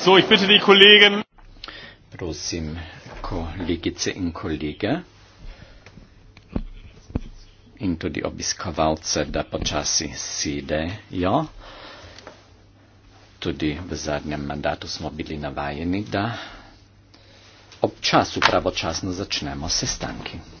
So, ich bitte die Kollegen. Prosim, kolegice in kolege. In tudi obiskovalce, da počasi sedejo. Tudi v zadnjem mandatu smo bili navajeni, da občasno, pravočasno začnemo sestanki.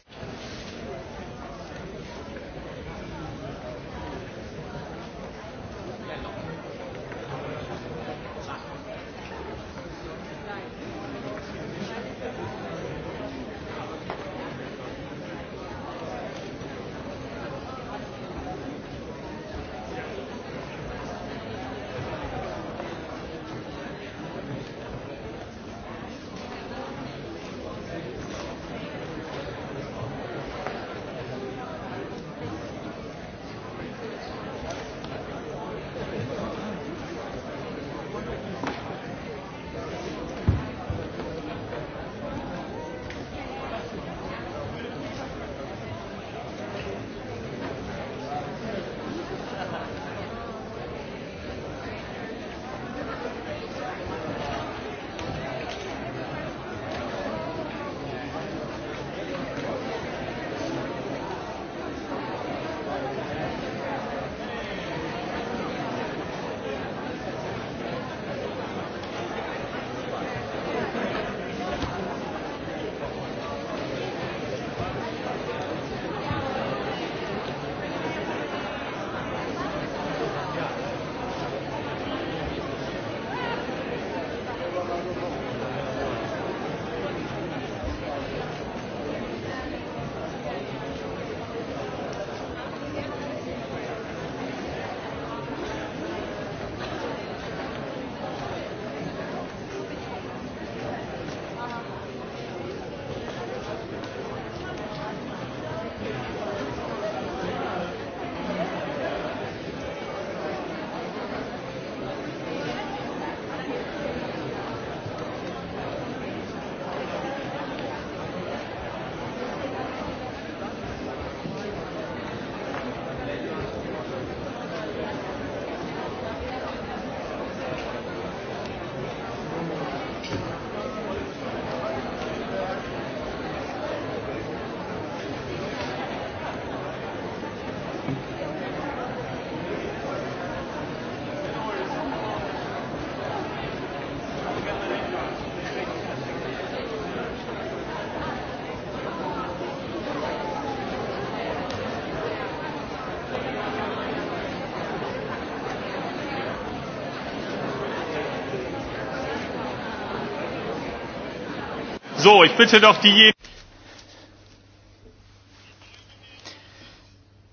So, ich bitte doch diejenigen.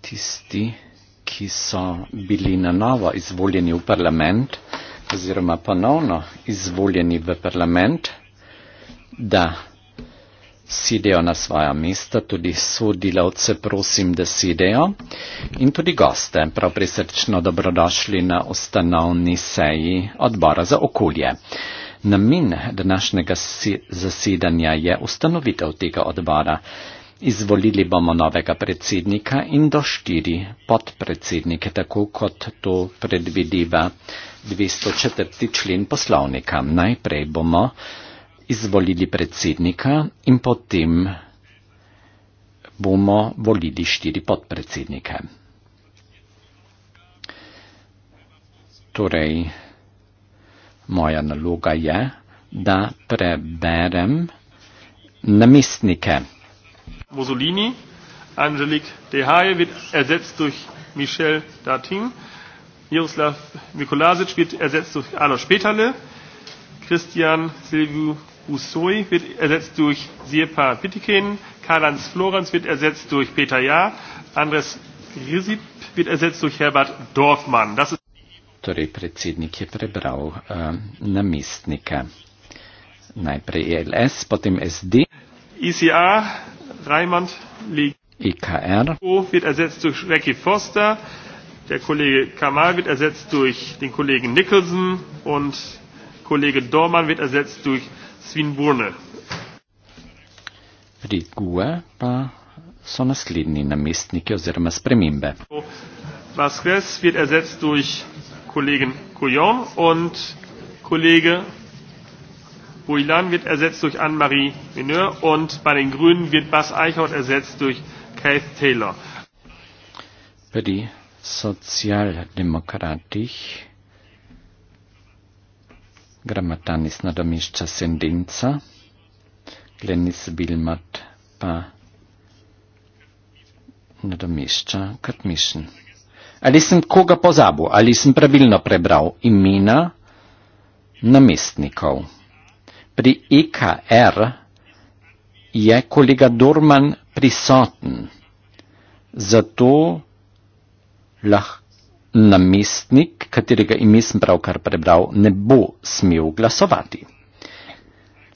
Tisti, ki so bili na novo izvoljeni v parlament, oziroma ponovno izvoljeni v parlament, da sedijo na svoja mesta, tudi sodelavce prosim, da sedijo in tudi goste prav prisrčno dobrodošli na ustanovni seji odbora za okolje. Namen današnjega zasedanja je ustanovitev tega odbora. Izvolili bomo novega predsednika in do štiri podpredsednike, tako kot to predvideva 204. člen poslovnika. Najprej bomo izvolili predsednika in potem bomo volili štiri podpredsednike. Torej, moja naloga je, da preberem namestnike. Mussolini, Angelique de Haie, wird ersetzt durch Michel Dartin. Miroslav Mikulasic wird ersetzt durch Alois Peterle. Christian Silvio Usoi wird ersetzt durch Sirpa Pitikin. Karl-Heinz Florenz wird ersetzt durch Peter Jahr. Andres Risip wird ersetzt durch Herbert Dorfmann. Das ist torej predsednik je prebral uh, eh, namestnika. Najprej e LS, potem SD. ICA, Reimann, liegt. EKR. O wird ersetzt durch Recky Foster. Der Kollege Kamal wird ersetzt durch den Kollegen Nicholson und Kollege Dormann wird ersetzt durch Sven Burne. Rigue, pa so naslednji namestniki oziroma spremembe. Vasquez wird ersetzt durch Kollegen Couillon und Kollege Bouillan wird ersetzt durch Anne-Marie Meneur und bei den Grünen wird Bas Eichhorn ersetzt durch Keith Taylor. Für die Sozialdemokratie Gramatanis Nadomischa Sendinza Glenis Wilmot Pa Nadomischa Katmischen ali sem koga pozabil, ali sem pravilno prebral imena namestnikov. Pri EKR je kolega Dorman prisoten, zato lahko namestnik, katerega ime sem pravkar prebral, ne bo smel glasovati.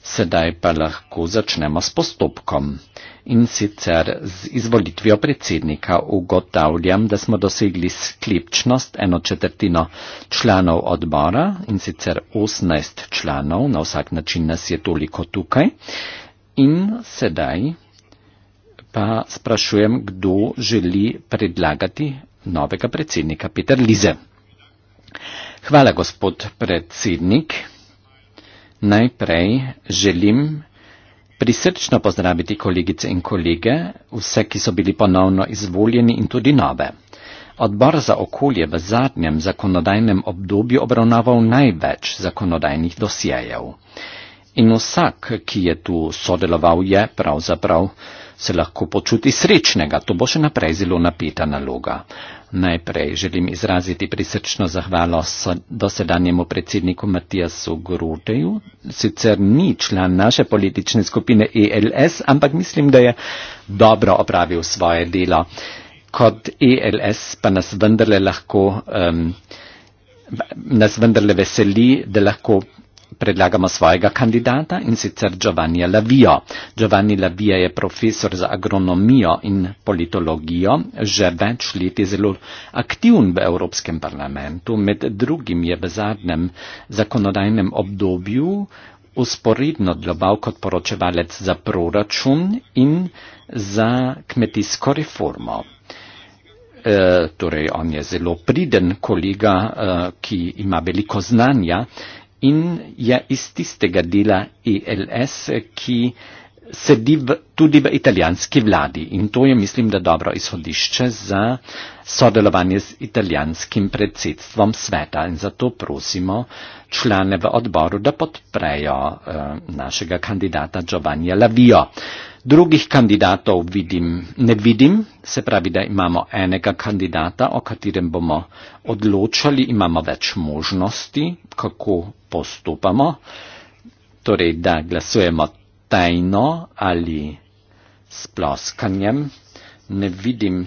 Sedaj pa lahko začnemo s postopkom. In sicer z izvolitvijo predsednika ugotavljam, da smo dosegli sklepčnost eno četrtino članov odbora in sicer 18 članov, na vsak način nas je toliko tukaj. In sedaj pa sprašujem, kdo želi predlagati novega predsednika Peter Lize. Hvala, gospod predsednik. Najprej želim prisrčno pozdraviti kolegice in kolege, vse, ki so bili ponovno izvoljeni in tudi nove. Odbor za okolje v zadnjem zakonodajnem obdobju obravnaval največ zakonodajnih dosjejev. In vsak, ki je tu sodeloval, je pravzaprav se lahko počuti srečnega, to bo še naprej zelo napeta naloga. Najprej želim izraziti prisrčno zahvalo dosedanjemu predsedniku Matijasu Grudeju. Sicer ni član naše politične skupine ELS, ampak mislim, da je dobro opravil svoje delo. Kot ELS pa nas vendarle lahko. Um, nas vendarle veseli, da lahko predlagamo svojega kandidata in sicer Giovannija Lavijo. Giovanni Lavija je profesor za agronomijo in politologijo, že več let je zelo aktivn v Evropskem parlamentu, med drugim je v zadnjem zakonodajnem obdobju usporedno deloval kot poročevalec za proračun in za kmetijsko reformo. E, torej, on je zelo priden kolega, e, ki ima veliko znanja in je iz tistega dela ELS, ki sedi v, tudi v italijanski vladi in to je, mislim, da dobro izhodišče za sodelovanje z italijanskim predsedstvom sveta in zato prosimo člane v odboru, da podprejo eh, našega kandidata Giovannija Lavio. Drugih kandidatov vidim, ne vidim, se pravi, da imamo enega kandidata, o katerem bomo odločali, imamo več možnosti, kako postupamo, torej da glasujemo tajno ali s ploskanjem, ne vidim,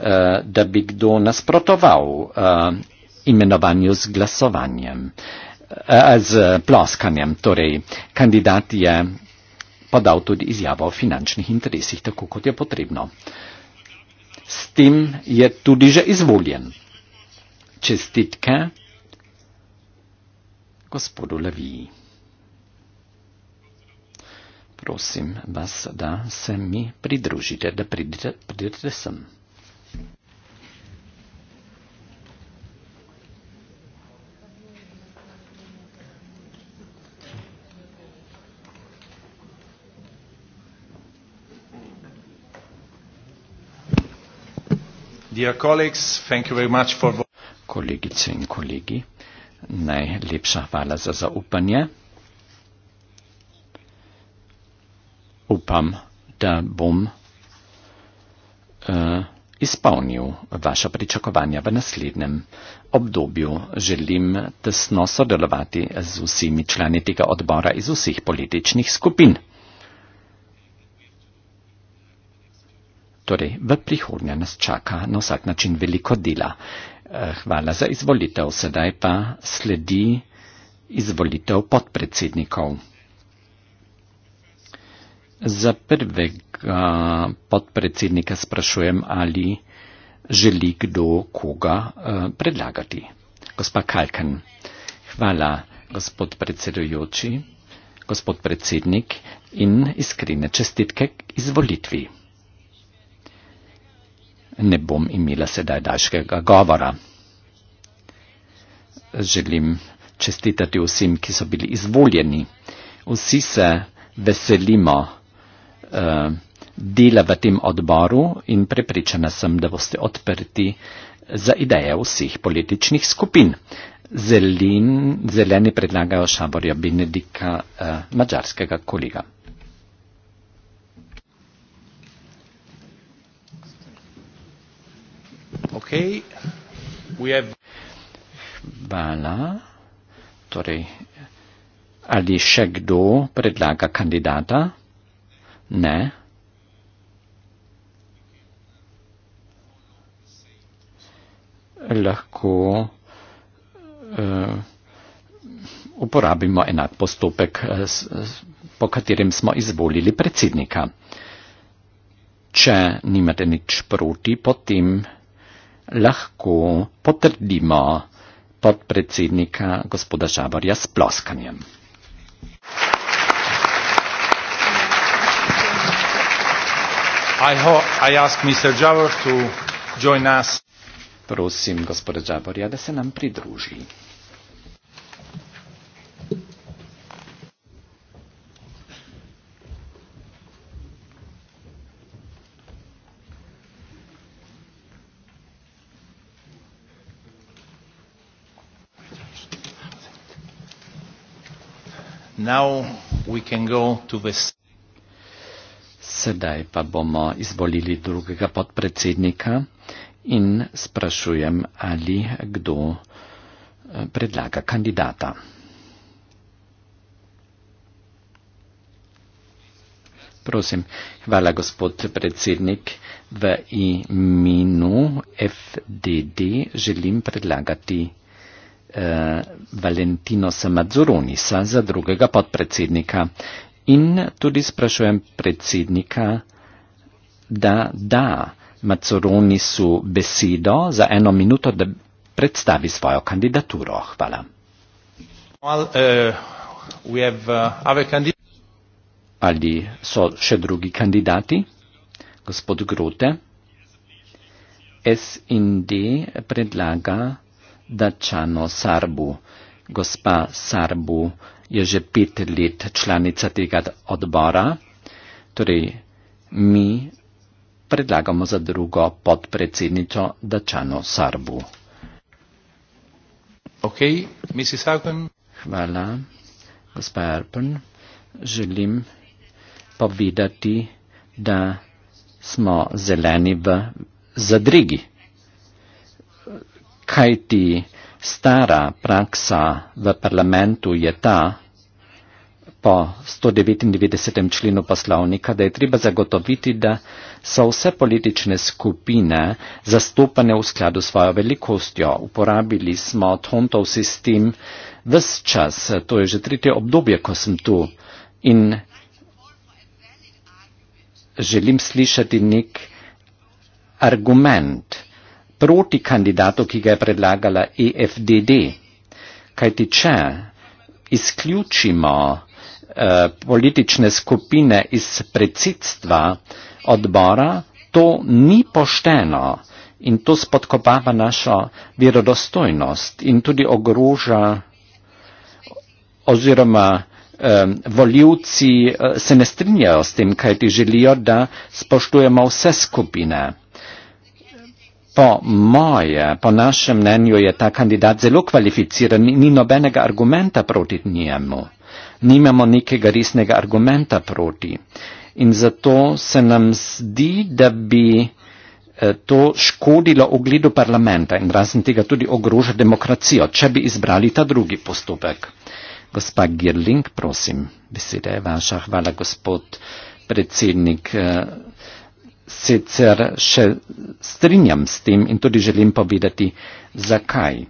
eh, da bi kdo nasprotoval eh, imenovanju z glasovanjem, eh, z ploskanjem. Torej, kandidat je podal tudi izjavo o finančnih interesih, tako kot je potrebno. S tem je tudi že izvoljen. Čestitke gospodu Leviji prosim vas, da se mi pridružite, da pridete, pridete sem. Kolegice in kolegi, najlepša hvala za zaupanje. upam, da bom uh, izpolnil vaše pričakovanja v naslednjem obdobju. Želim tesno sodelovati z vsemi člani tega odbora iz vseh političnih skupin. Torej, v prihodnje nas čaka na vsak način veliko dela. Eh, hvala za izvolitev, sedaj pa sledi izvolitev podpredsednikov. Za prvega podpredsednika sprašujem, ali želi kdo koga eh, predlagati. Gospa Kalkan. Hvala, gospod predsedujoči, gospod predsednik in iskrene čestitke izvolitvi. Ne bom imela sedaj daljšega govora. Želim čestitati vsem, ki so bili izvoljeni. Vsi se veselimo Eh, dela v tem odboru in prepričana sem, da boste odprti za ideje vseh političnih skupin. Zelin, zeleni predlagajo Šaborja Benedika, eh, mačarskega kolega. Okay. Have... Hvala. Torej, ali še kdo predlaga kandidata? Ne. Lahko uh, uporabimo enak postopek, eh, s, s, po katerem smo izvolili predsednika. Če nimate nič proti, potem lahko potrdimo podpredsednika gospoda Žavarja s ploskanjem. I, ho- I ask Mr. Jabber to join us. Prosim, gospoda Džaborja, da se nam pridruži. Now we can go to the Sedaj pa bomo izvolili drugega podpredsednika in sprašujem, ali kdo eh, predlaga kandidata. Prosim, hvala gospod predsednik. V imenu FDD želim predlagati eh, Valentino Samadzoronisa za drugega podpredsednika. In tudi sprašujem predsednika, da da Macoroni su besedo za eno minuto, da predstavi svojo kandidaturo. Hvala. Well, uh, have, uh, candid Ali so še drugi kandidati? Gospod Grote. SND predlaga Dačano Sarbu. Gospa Sarbu je že pet let članica tega odbora, torej mi predlagamo za drugo podpredsednico Dačano Sarbu. Ok, misi Sarben. Hvala, gospa Erpen. Želim povedati, da smo zeleni v zadrigi. Kaj ti Stara praksa v parlamentu je ta, po 199. členu poslovnika, da je treba zagotoviti, da so vse politične skupine zastopane v skladu s svojo velikostjo. Uporabili smo Tontov sistem vse čas, to je že tretje obdobje, ko sem tu in želim slišati nek argument proti kandidatu, ki ga je predlagala EFDD. Kajti če izključimo eh, politične skupine iz predsedstva odbora, to ni pošteno in to spodkopava našo verodostojnost in tudi ogroža oziroma eh, voljivci eh, se ne strinjajo s tem, kajti želijo, da spoštujemo vse skupine po moje, po našem mnenju je ta kandidat zelo kvalificiran, ni, ni nobenega argumenta proti njemu. Nimamo nekega resnega argumenta proti. In zato se nam zdi, da bi eh, to škodilo ugledu parlamenta in razen tega tudi ogroža demokracijo, če bi izbrali ta drugi postopek. Gospa Girling, prosim, beseda je vaša. Hvala, gospod predsednik. Eh, sicer še strinjam s tem in tudi želim povedati, zakaj.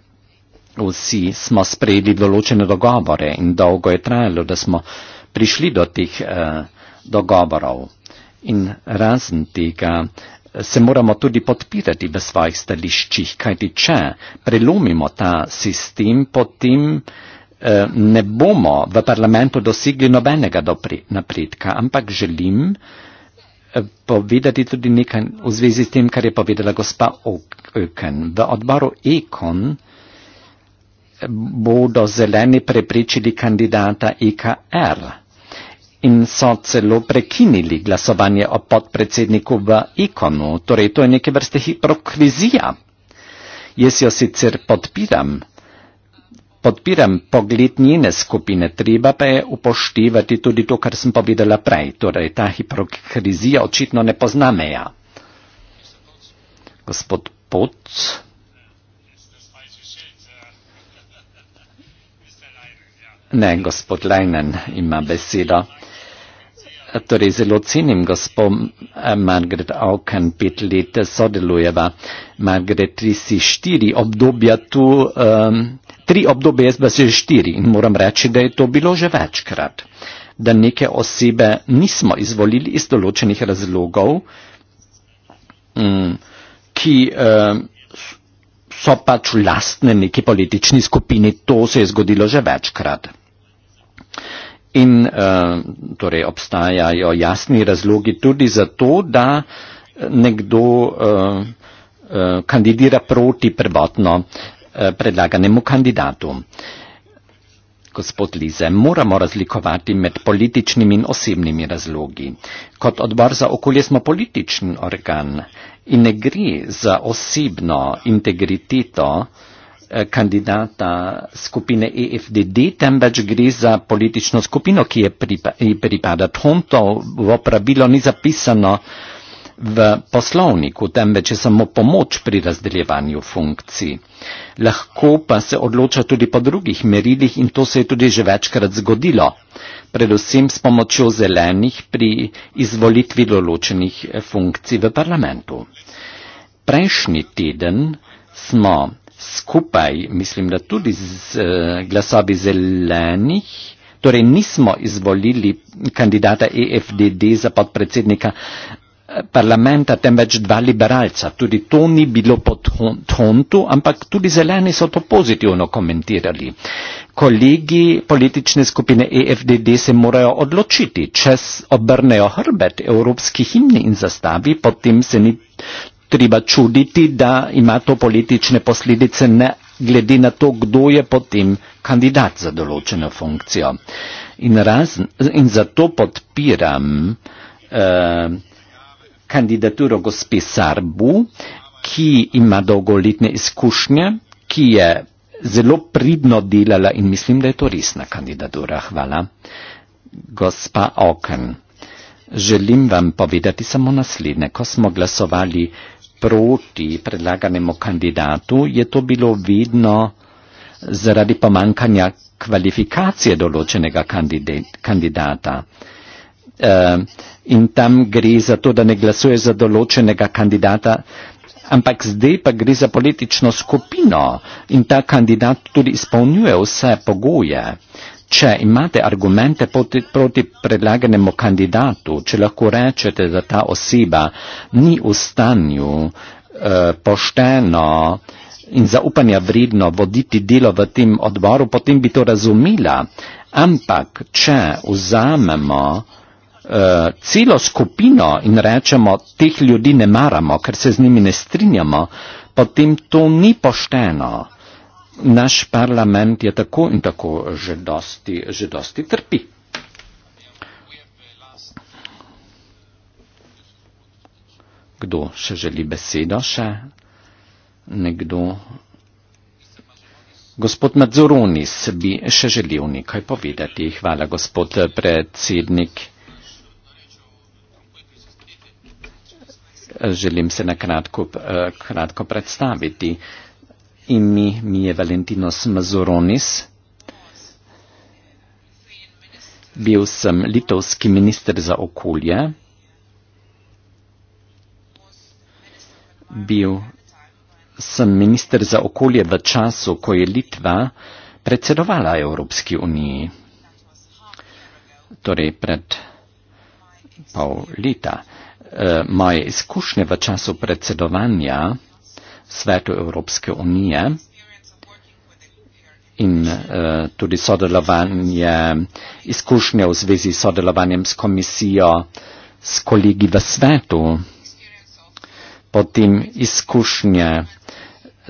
Vsi smo sprejeli določene dogovore in dolgo je trajalo, da smo prišli do teh eh, dogovorov. In razen tega eh, se moramo tudi podpirati v svojih stališčih, kajti če prelomimo ta sistem, potem eh, ne bomo v parlamentu dosegli nobenega napredka, ampak želim, eh, povedati tudi nekaj v zvezi s tem, kar je povedala gospa Oken. V odboru Ekon bodo zeleni prepričali kandidata EKR in so celo prekinili glasovanje o podpredsedniku v Ekonu. Torej, to je neke vrste hiprokrizija. Jaz jo sicer podpiram podpiram pogled njene skupine, treba pa je upoštevati tudi to, kar sem povedala prej, torej ta hipokrizija očitno ne pozna meja. Gospod Pot. Ne, gospod Leinen ima besedo. Torej, zelo cenim gospod eh, Margaret Auken, pet let sodelujeva. Margaret, ti si štiri obdobja tu. Um, tri obdobje, jaz pa že štiri in moram reči, da je to bilo že večkrat, da neke osebe nismo izvolili iz določenih razlogov, mm, ki eh, so pač lastne neki politični skupini, to se je zgodilo že večkrat. In eh, torej obstajajo jasni razlogi tudi za to, da nekdo eh, kandidira proti prvotno uh, Eh, predlaganemu kandidatu. Gospod Lize, moramo razlikovati med političnimi in osebnimi razlogi. Kot odbor za okolje smo političen organ in ne gre za osebno integriteto eh, kandidata skupine EFDD, temveč gre za politično skupino, ki je pripada. Tonto v pravilo ni zapisano, uh, v poslovniku, temveč je samo pomoč pri razdeljevanju funkcij. Lahko pa se odloča tudi po drugih merilih in to se je tudi že večkrat zgodilo, predvsem s pomočjo zelenih pri izvolitvi določenih eh, funkcij v parlamentu. Prejšnji teden smo skupaj, mislim, da tudi z eh, glasovi zelenih, torej nismo izvolili kandidata EFDD za podpredsednika parlamenta temveč dva liberalca. Tudi to ni bilo pod hontu, ampak tudi zeleni so to pozitivno komentirali. Kolegi politične skupine EFDD se morajo odločiti, če obrnejo hrbet evropski himni in zastavi, potem se ni treba čuditi, da ima to politične posledice ne glede na to, kdo je potem kandidat za določeno funkcijo. In, razn, in zato podpiram uh, kandidaturo gospe Sarbu, ki ima dolgoletne izkušnje, ki je zelo pridno delala in mislim, da je to resna kandidatura. Hvala. Gospa Oken, želim vam povedati samo naslednje. Ko smo glasovali proti predlaganemu kandidatu, je to bilo vedno zaradi pomankanja kvalifikacije določenega kandidata. Eh, in tam gre za to, da ne glasuje za določenega kandidata, ampak zdaj pa gre za politično skupino in ta kandidat tudi izpolnjuje vse pogoje. Če imate argumente proti, proti predlaganemu kandidatu, če lahko rečete, da ta oseba ni v stanju eh, pošteno in zaupanja vredno voditi delo v tem odboru, potem bi to razumela. Ampak, če vzamemo eh, Eh, celo skupino in rečemo, teh ljudi ne maramo, ker se z njimi ne strinjamo, potem to ni pošteno. Naš parlament je tako in tako že dosti, že dosti trpi. Kdo še želi besedo? Še? Nekdo? Gospod Madzoronis bi še želel nekaj povedati. Hvala, gospod eh, predsednik. želim se na kratko, eh, kratko predstaviti. Imi mi je Valentinos Mazuronis. Bil sem litovski minister za okolje. Bil sem minister za okolje v času, ko je Litva predsedovala Evropski uniji. Torej pred pol leta. Eh, moje izkušnje v času predsedovanja Svetu Evropske unije in uh, tudi sodelovanje, izkušnje v zvezi s sodelovanjem s komisijo, s kolegi v svetu, potem izkušnje,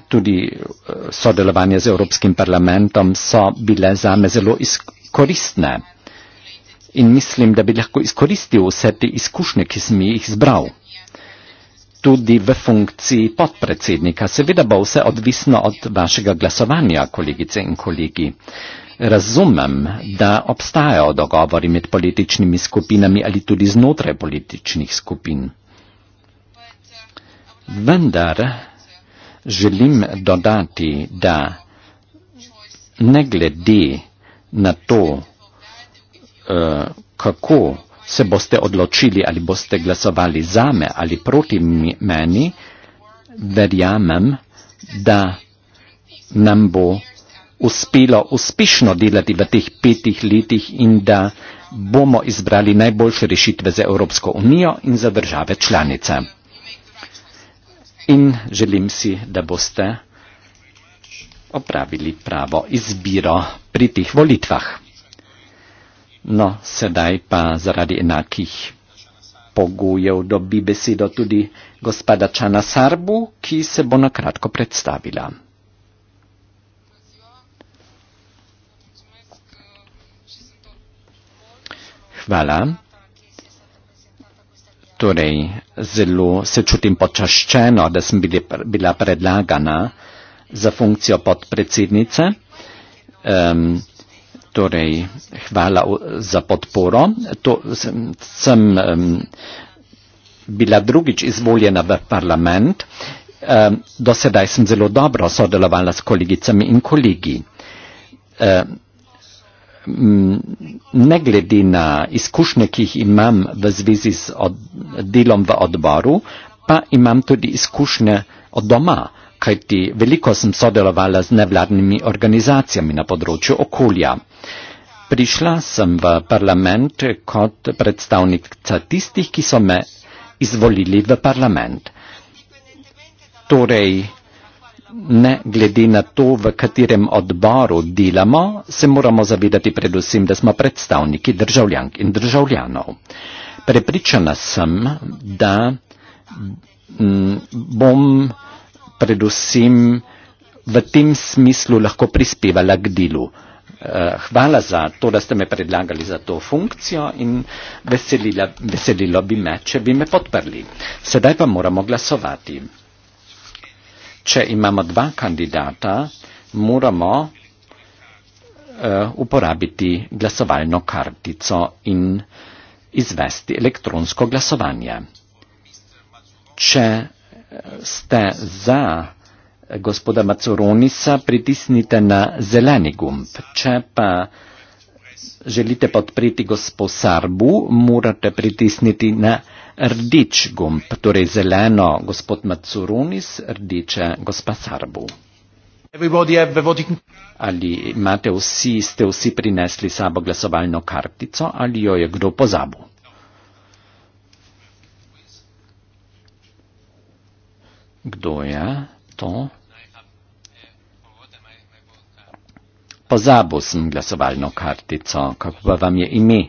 tudi uh, sodelovanje z Evropskim parlamentom so bile zame zelo koristne in mislim, da bi lahko izkoristil vse te izkušnje, ki sem jih zbral. Tudi v funkciji podpredsednika. Seveda bo vse odvisno od vašega glasovanja, kolegice in kolegi. Razumem, da obstajajo dogovori med političnimi skupinami ali tudi znotraj političnih skupin. Vendar želim dodati, da ne glede na to, Eh, kako se boste odločili ali boste glasovali zame ali proti meni, verjamem, da nam bo uspelo uspešno delati v teh petih letih in da bomo izbrali najboljše rešitve za Evropsko unijo in za države članice. In želim si, da boste opravili pravo izbiro pri teh volitvah. No, sedaj pa zaradi enakih pogojev dobi besedo tudi gospoda Čana Sarbu, ki se bo na kratko predstavila. Hvala. Torej, zelo se čutim počaščeno, da sem bili, bila predlagana za funkcijo podpredsednice. Um, torej hvala za podporo. To sem, sem um, bila drugič izvoljena v parlament. Um, do sedaj sem zelo dobro sodelovala s kolegicami in kolegi. Um, ne glede na izkušnje, ki jih imam v zvezi s od, delom v odboru, pa imam tudi izkušnje od doma kajti veliko sem sodelovala z nevladnimi organizacijami na področju okolja. Prišla sem v parlament kot predstavnica tistih, ki so me izvolili v parlament. Torej, ne glede na to, v katerem odboru delamo, se moramo zavedati predvsem, da smo predstavniki državljank in državljanov. Prepričana sem, da bom predvsem v tem smislu lahko prispevala k delu. Eh, hvala za to, da ste me predlagali za to funkcijo in veselila, veselilo bi me, če bi me podprli. Sedaj pa moramo glasovati. Če imamo dva kandidata, moramo uh, uporabiti glasovalno kartico in izvesti elektronsko glasovanje. Če eh, ste za, gospoda Macoronisa, pritisnite na zeleni gumb. Če pa želite podpreti gospo Sarbu, morate pritisniti na rdič gumb, torej zeleno gospod Macoronis, rdiče gospa Sarbu. Ali imate vsi, ste vsi prinesli sabo glasovalno kartico ali jo je kdo pozabil? Kdo je? to. Pozabil sem glasovalno kartico, kako pa vam je ime?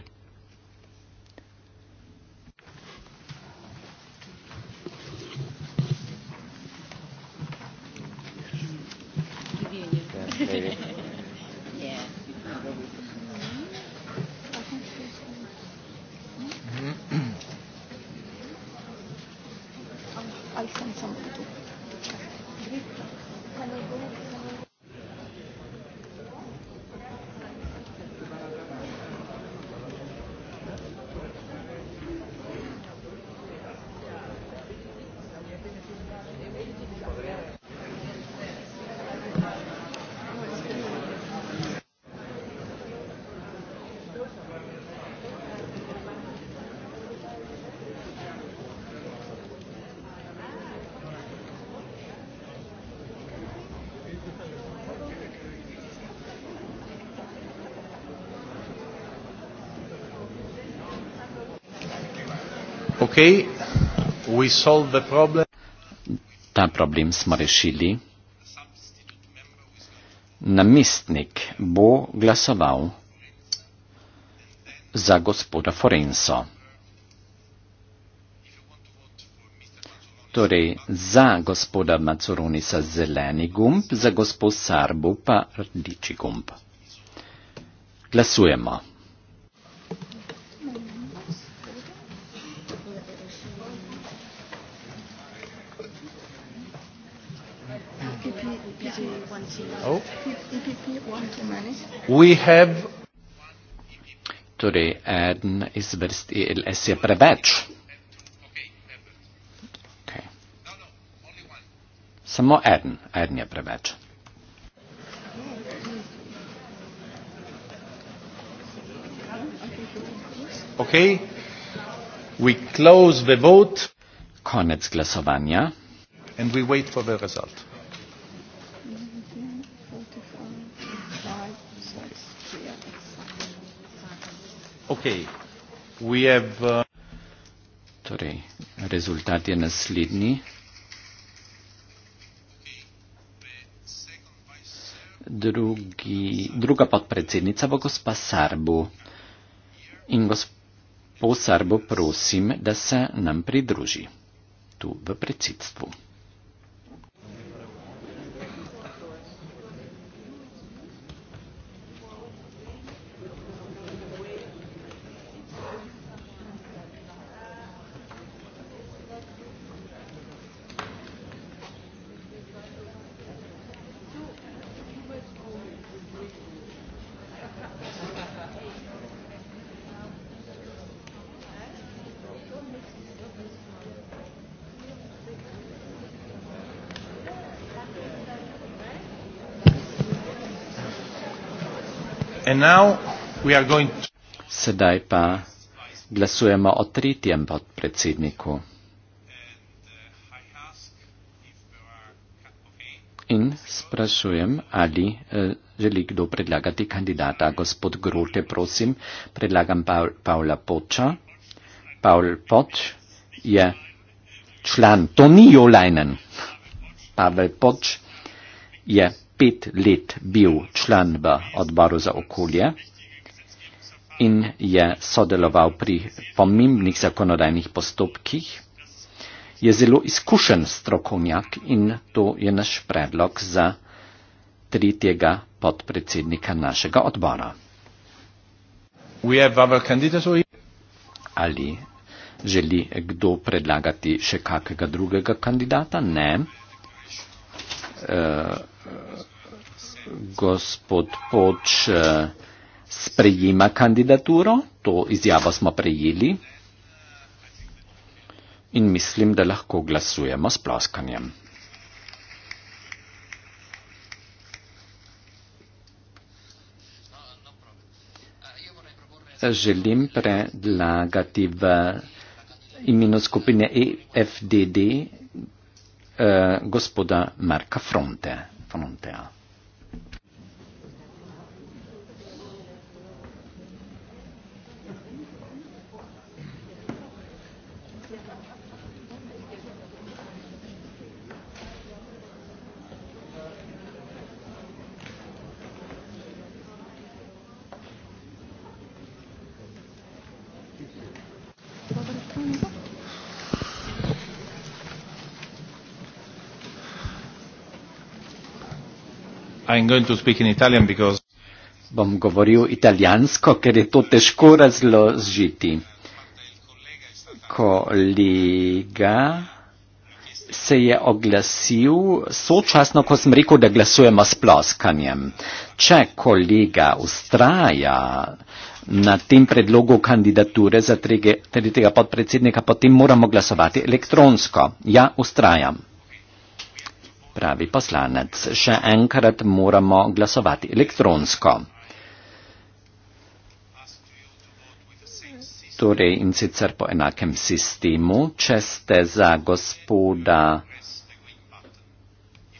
Okay. We solve the problem. Ta problem smo rešili. Namestnik bo glasoval za gospoda Forenso. Torej, za gospoda Macuronisa zeleni gumb, za gospod Sarbu pa rdiči gumb. Glasujemo. Oh. We have. Torej, eden iz vrst ELS je preveč. Okay. Samo eden, eden je preveč. Okay. We close the vote. Konec glasovanja. And we wait for the result. Uh, torej, rezultat je naslednji. 2. druga podpredsednica bo gospa Sarbu. In gospod Sarbu prosim, da se nam pridruži tu v predsedstvu. Sedaj pa glasujemo o tretjem podpredsedniku. In sprašujem, ali eh, želi kdo predlagati kandidata. Gospod Grote, prosim, predlagam Pavla Poča. Pavel Poč je član, to ni Jolajnen. Pavel Poč je pet let bil član v odboru za okolje in je sodeloval pri pomembnih zakonodajnih postopkih, je zelo izkušen strokovnjak in to je naš predlog za tretjega podpredsednika našega odbora. Ali želi kdo predlagati še kakega drugega kandidata? Ne. Uh, gospod Poč eh, sprejima kandidaturo, to izjavo smo prejeli in mislim, da lahko glasujemo s ploskanjem. Želim predlagati v imenu skupine EFDD eh, gospoda Marka Fronte van een theater. I'm going to speak in Italian because bom govoril italijansko, ker je to težko razložiti. Kolega se je oglasil sočasno, ko sem rekel, da glasujemo s ploskanjem. Če kolega ustraja na tem predlogu kandidature za tretjega podpredsednika, potem moramo glasovati elektronsko. Ja, ustrajam pravi poslanec. Še enkrat moramo glasovati elektronsko. Torej in sicer po enakem sistemu, če ste za gospoda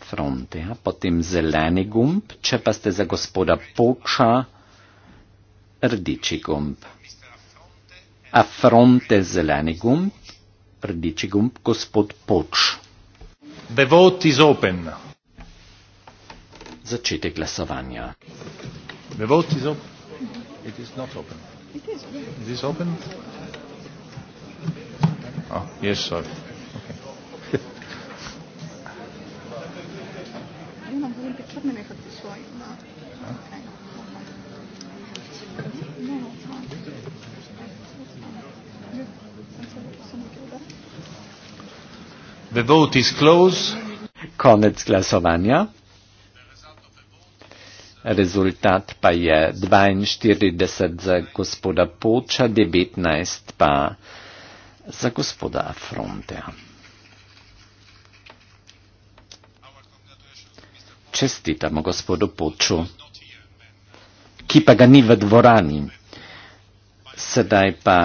Fronteja, potem zeleni gumb, če pa ste za gospoda Poča, rdiči gumb. A Fronte zeleni gumb, rdiči gumb, gospod Poč. The vote is open. Začetek glasovanja. The vote is open. It is not open. It is open. Oh, yes, sir. Okay. Ja, no, The vote is closed. Konec glasovanja. Rezultat pa je 42 za gospoda Poča, 19 pa za gospoda Frontea. Čestitamo gospodu Poču, ki pa ga ni v dvorani. Sedaj pa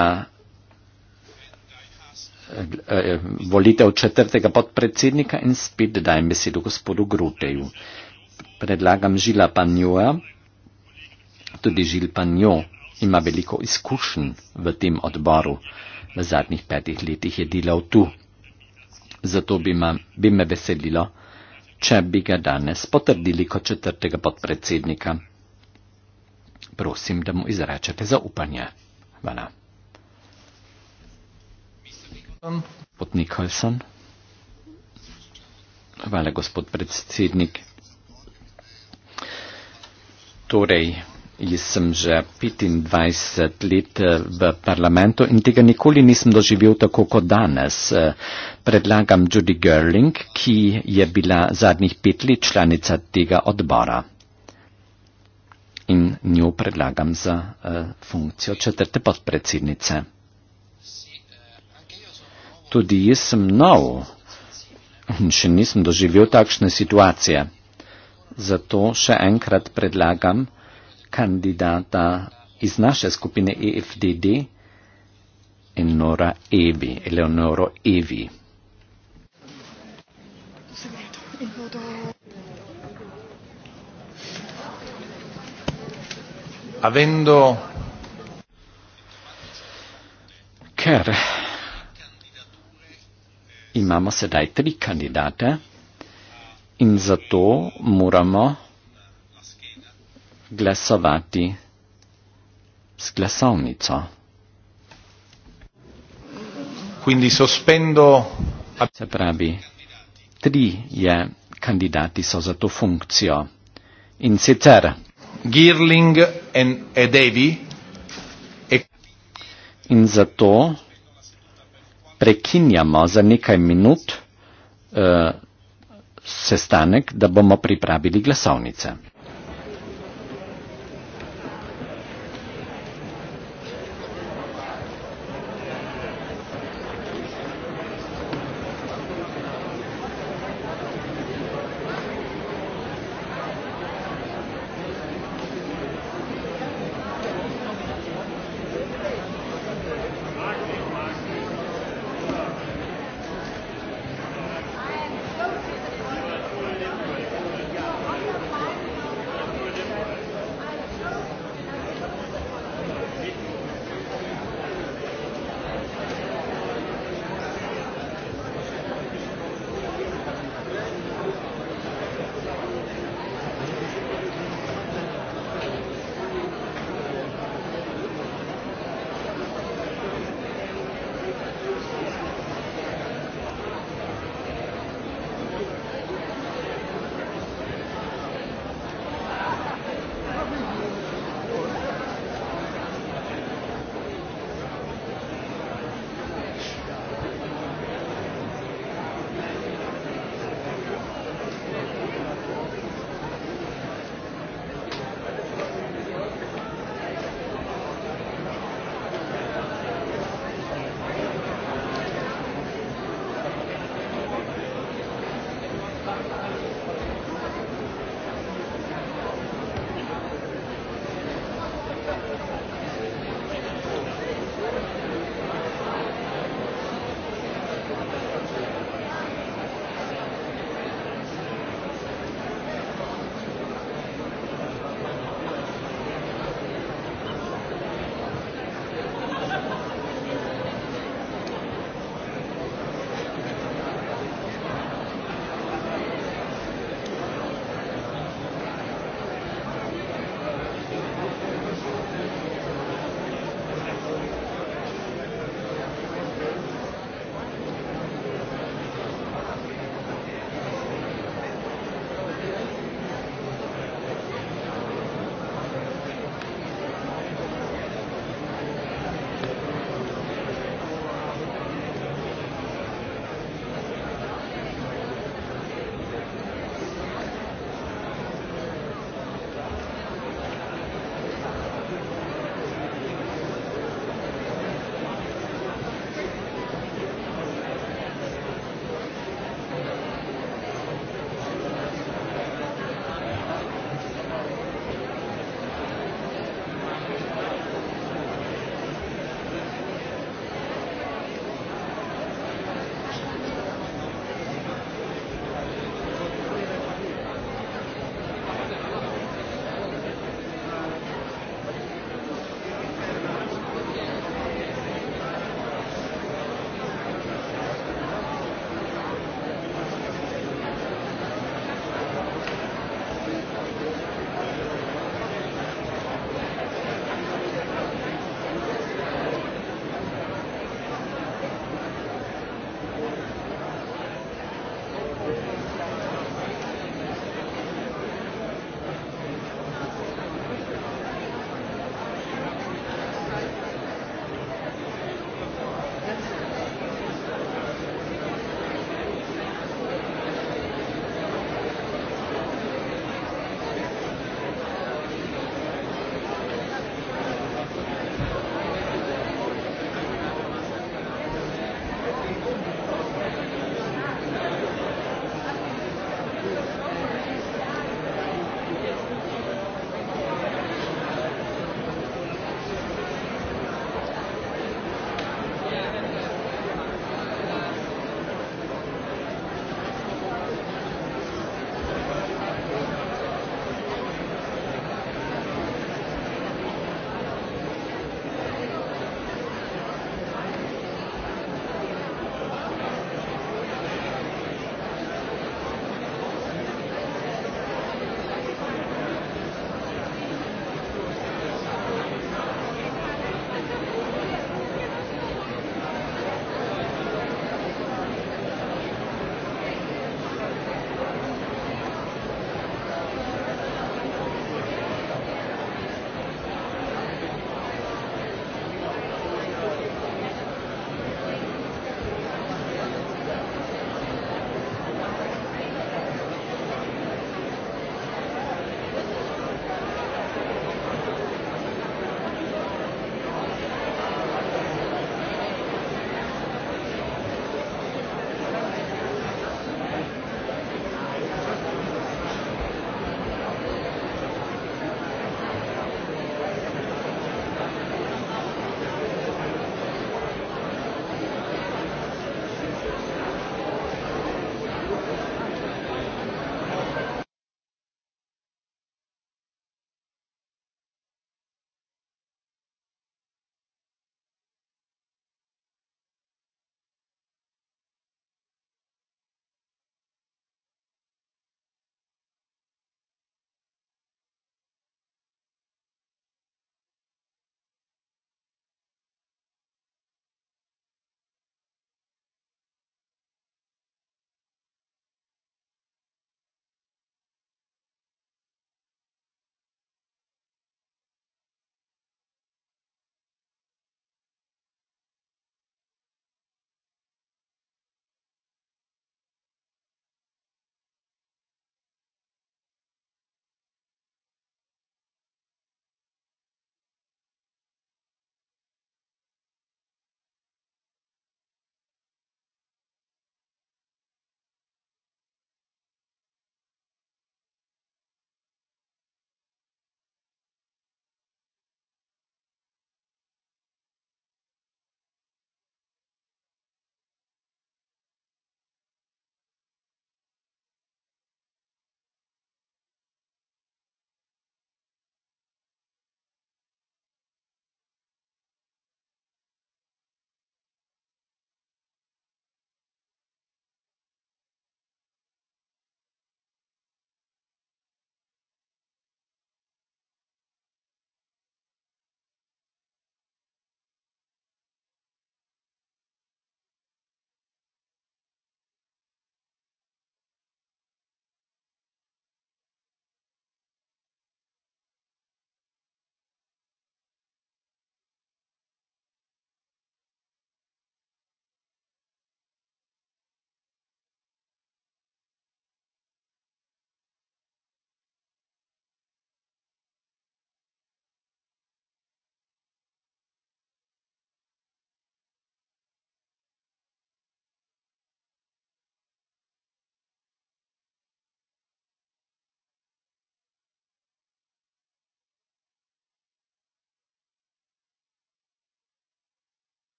volitev četrtega podpredsednika in spet dajem besedo gospodu Groteju. Predlagam Žila Panjoja, tudi Žil Panjo ima veliko izkušenj v tem odboru, v zadnjih petih letih je delal tu. Zato bi, ma, bi me veselilo, če bi ga danes potrdili kot četrtega podpredsednika. Prosim, da mu izrečete zaupanje. Hvala. Voilà. Carlson. Gospod Nicholson. Hvala, gospod predsednik. Torej, jaz sem že 25 let eh, v parlamentu in tega nikoli nisem doživel tako kot danes. Eh, predlagam Judy Gerling, ki je bila zadnjih pet let članica tega odbora. In njo predlagam za eh, funkcijo četrte podpredsednice tudi jaz sem nov in še nisem doživel takšne situacije. Zato še enkrat predlagam kandidata iz naše skupine EFDD, Enora Evi, Eleonoro Evi. Avendo. Ker imamo sedaj tri kandidate in zato moramo glasovati s glasovnico. Quindi sospendo. Se pravi, tri je kandidati so za to funkcijo. In sicer. Girling in Edevi. E- in zato prekinjamo za nekaj minut uh, sestanek, da bomo pripravili glasovnice.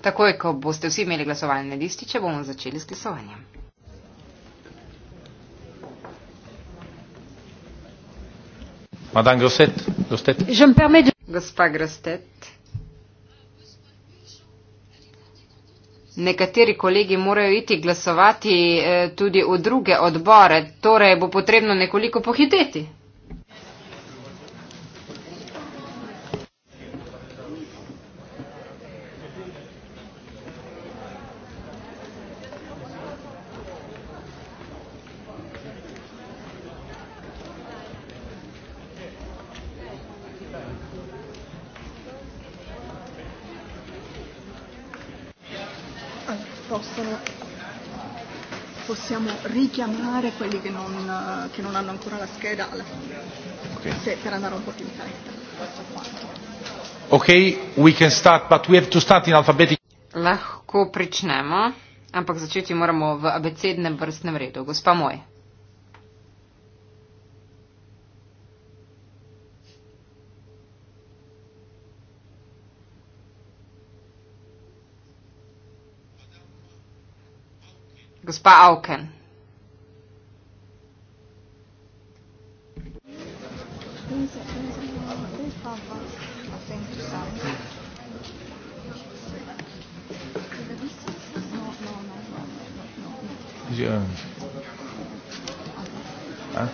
Takoj, ko boste vsi imeli glasovalne lističe, bomo začeli s glasovanjem. Gospa Grostet. Nekateri kolegi morajo iti glasovati eh, tudi v druge odbore, torej bo potrebno nekoliko pohiteti. richiamare quelli che non, eh, che non hanno ancora la scheda alla fine okay. se, per andare un po' più in fretta ok, we can start but we have to start in alphabetic lahko pričnemo ampak začeti moramo v abecednem vrstnem redu gospa moj Gospa Auken. Ah.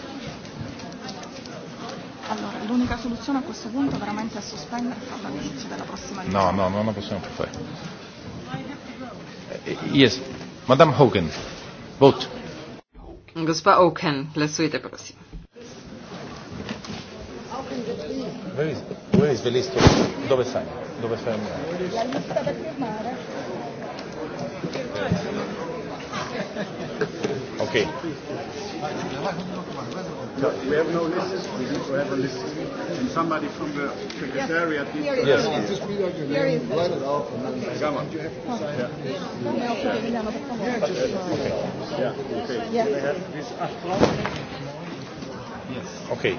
Allora, l'unica soluzione a questo punto è veramente a sospendere l'inizio della prossima no, riunione. No, no, non la possiamo più fare. Eh, yes, Madame Hogan, vote. Gospa Hogan, la suite prossima. voi, voi sveliste dove sei? Dove sei? La lista da firmare. Ok. So we have no list, we need to have a list. And somebody from the secretariat needs to yes. have a list. Here is it. Come on. Yeah. Yeah. Okay. Yeah. Okay. Yeah. Okay. Yes. Okay. Okay.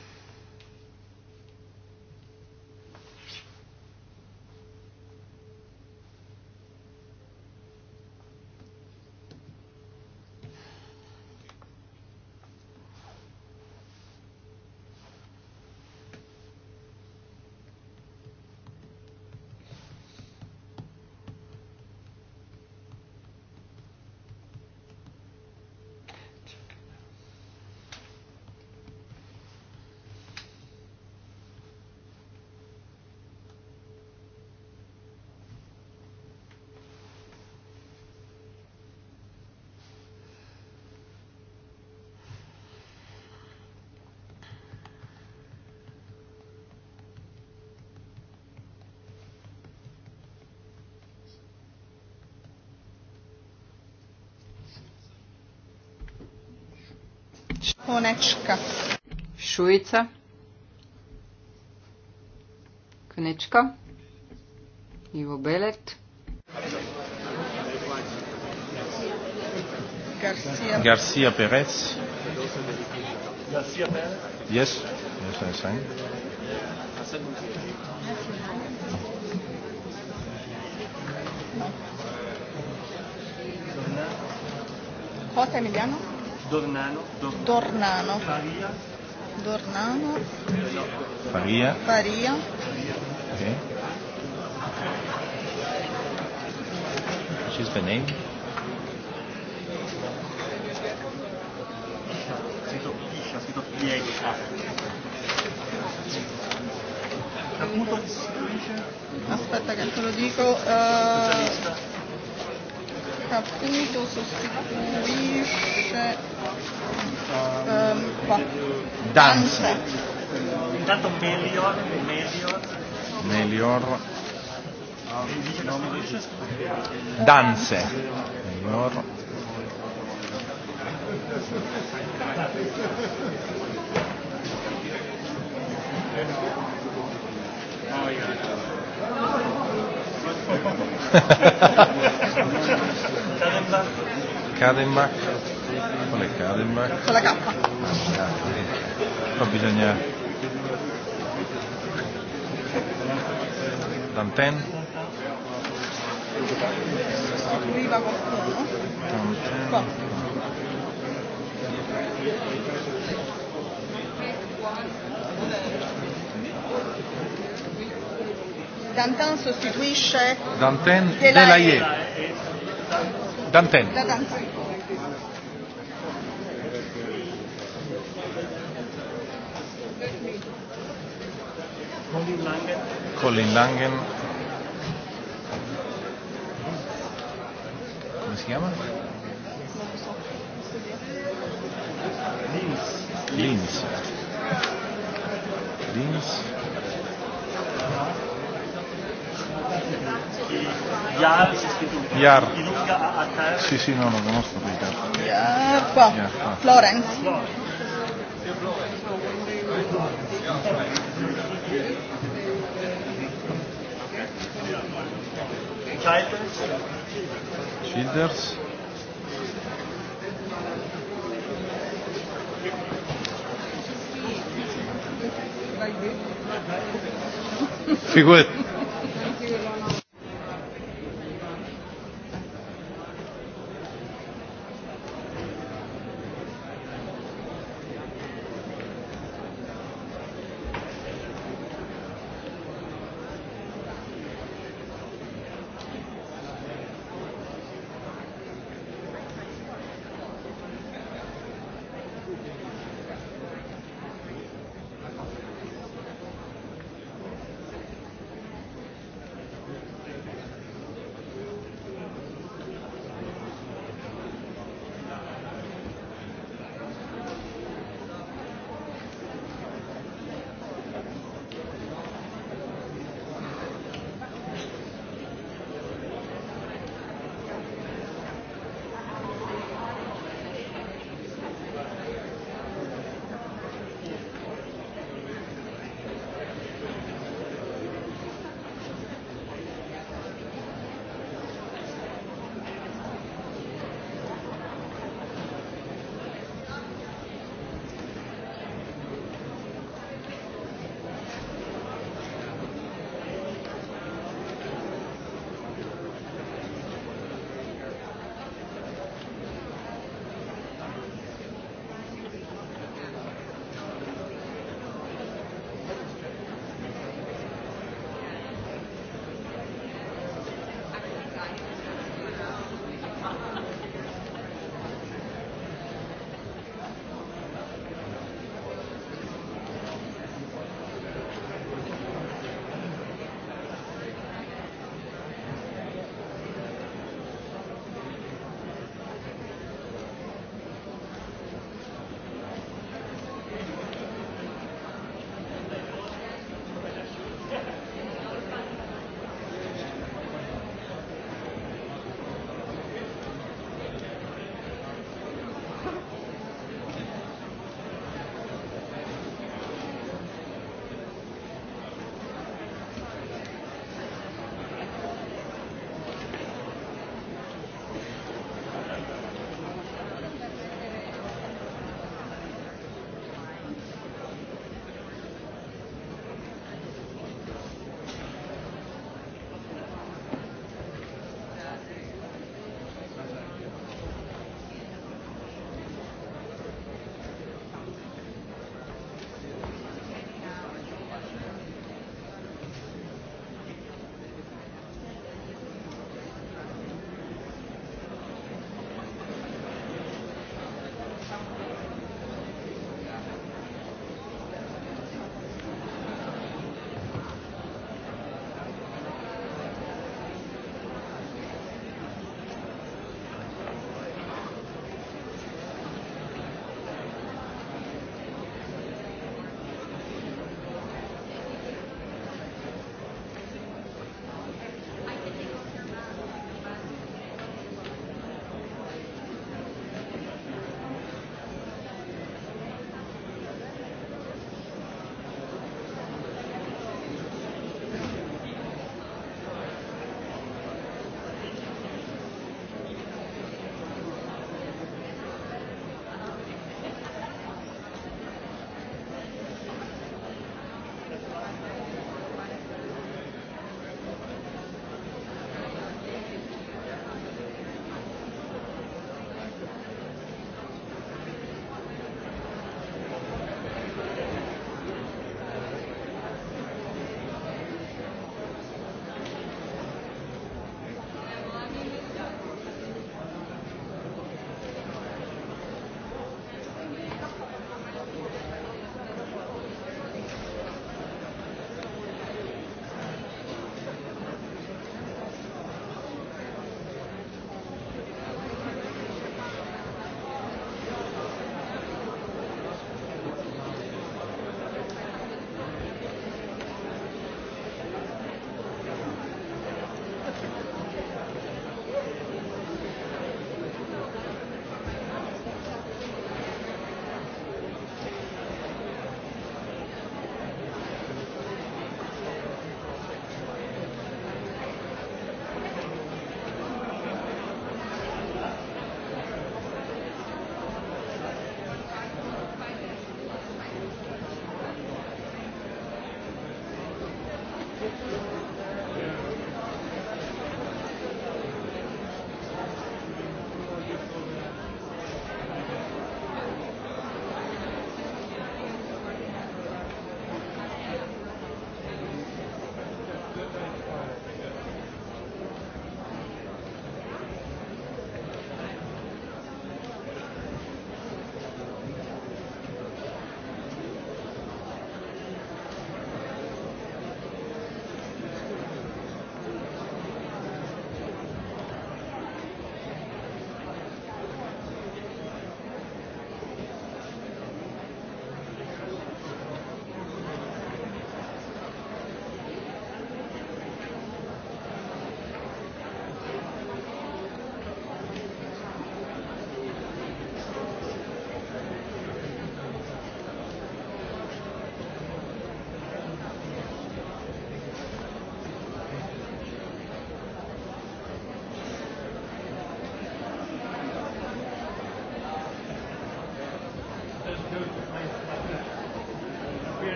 konečka. Šujica. Konečka. Ivo Belet. Garcia. Garcia Perez. Garcia Perez. Yes. Yes, I'm saying. Jose Emiliano. Dornano. Dornano. Faria. Dornano. Faria. Faria. Okay. Which is the name? Aspetta che te lo dico. Uh kapu to sustituiše um, pa. Danse. Intanto melior, melior. Melior. Danse. Melior. Oh, yeah. Kademak. Qual è Kademak? Con la K. Poi bisogna... Danten. Arriva qualcuno? Danten. Qua. Danten sostituisce Danten Delaye. Danten. Colin Langen. Come si chiama? Lins. Lins. Lins. Jar. Sì, sì, no, lo conosco qui. Jar. Qua. Florence. Childers. Figurati.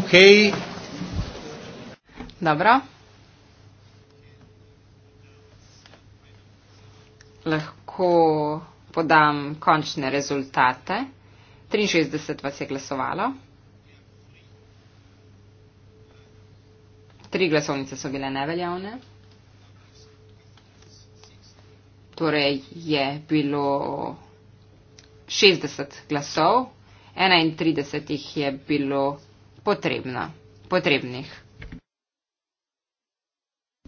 Ok. Dobro. Lahko podam končne rezultate. 63 vas je glasovalo. Tri glasovnice so bile neveljavne. Torej je bilo 60 glasov, 31 jih je bilo potrebna, potrebnih.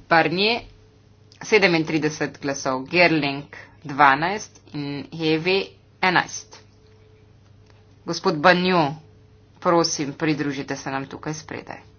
Parnje 37 glasov, Gerling 12 in Heve 11. Gospod Banjo, prosim, pridružite se nam tukaj spredaj.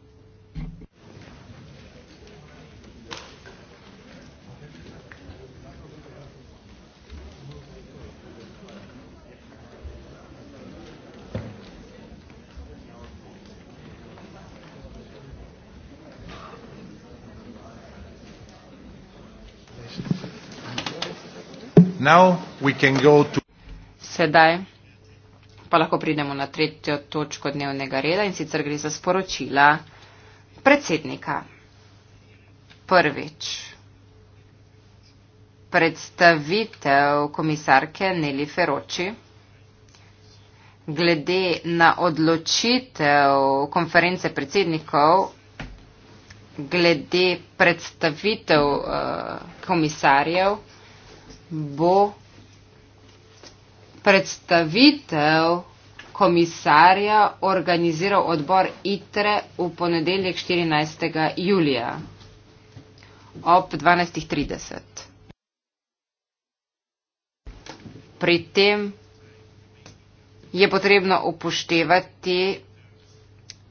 Sedaj pa lahko pridemo na tretjo točko dnevnega reda in sicer gre za sporočila predsednika. Prvič. Predstavitev komisarke Neli Feroči glede na odločitev konference predsednikov, glede predstavitev uh, komisarjev bo predstavitev komisarja organiziral odbor ITRE v ponedeljek 14. julija ob 12.30. Pri tem je potrebno upoštevati,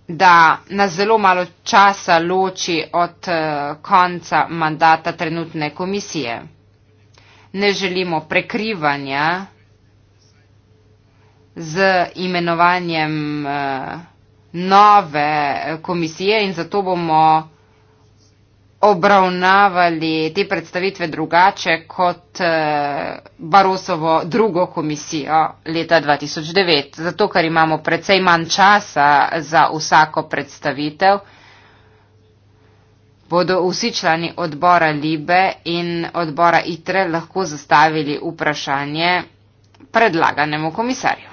da nas zelo malo časa loči od eh, konca mandata trenutne komisije ne želimo prekrivanja z imenovanjem eh, nove eh, komisije in zato bomo obravnavali te predstavitve drugače kot eh, Barosovo drugo komisijo leta 2009. Zato, ker imamo precej manj časa za vsako predstavitev, bodo vsi člani odbora Libe in odbora ITRE lahko zastavili vprašanje predlaganemu komisarju.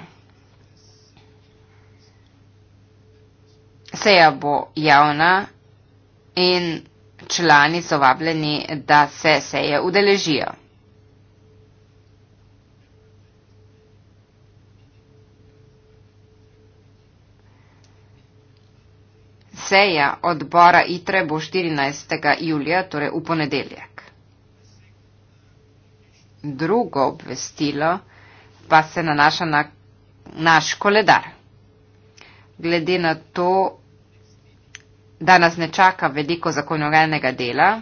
Seja bo javna in člani so vabljeni, da se seje udeležijo. seja odbora ITRE bo 14. julija, torej v ponedeljek. Drugo obvestilo pa se nanaša na naš koledar. Glede na to, da nas ne čaka veliko zakonodajnega dela,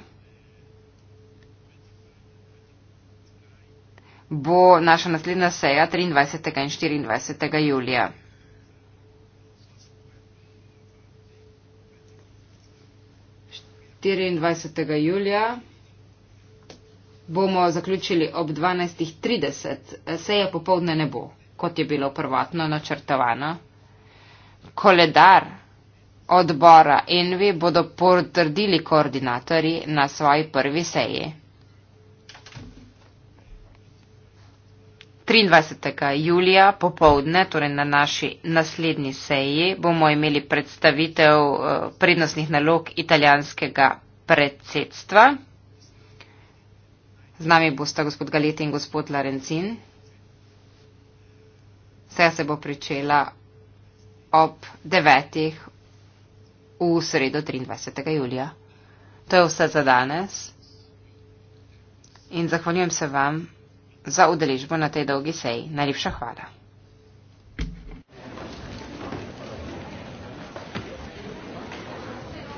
bo naša naslednja seja 23. in 24. julija. 24. julija bomo zaključili ob 12.30. Seje popovdne ne bo, kot je bilo prvotno načrtovano. Koledar odbora Envi bodo potrdili koordinatorji na svoji prvi seji. 23. julija popovdne, torej na naši naslednji seji, bomo imeli predstavitev eh, prednostnih nalog italijanskega predsedstva. Z nami bosta gospod Galeti in gospod Larencin. Seja se bo pričela ob 9. v sredo 23. julija. To je vse za danes. In zahvaljujem se vam za udeležbo na tej dolgi seji. Najlepša hvala.